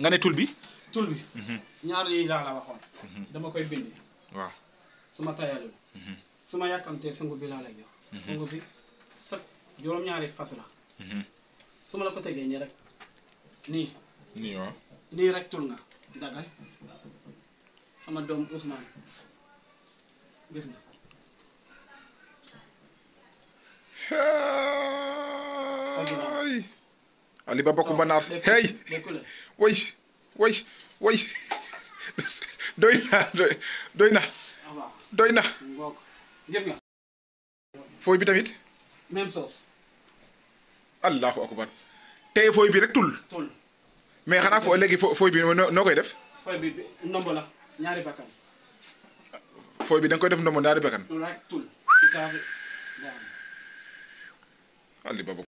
nga ne tul bi tul bi mhm. ñaar yi la la waxon mhm. dama koy bindi waaw suma tayalul mhm. suma yakamte sungu bi la la jox sungu bi sat juróom-ñaari fas la suma la ko tege ni rek ni ni waaw ni rek tul nga dagal sama Dom Usman. gis nga Hey! علي بابا kumba هاي وي وي وي doy na doy na doy na gis nga fooy bi tamit même sauce allahu akbar tey fooy bi rek tul tul mais xanaa foo léegi fooy bi noo koy def fooy bi ndombo la ñaari bakkan fooy bi da nga koy def ndombo ñaari bakkan tul rek tul ci kaafi ali baba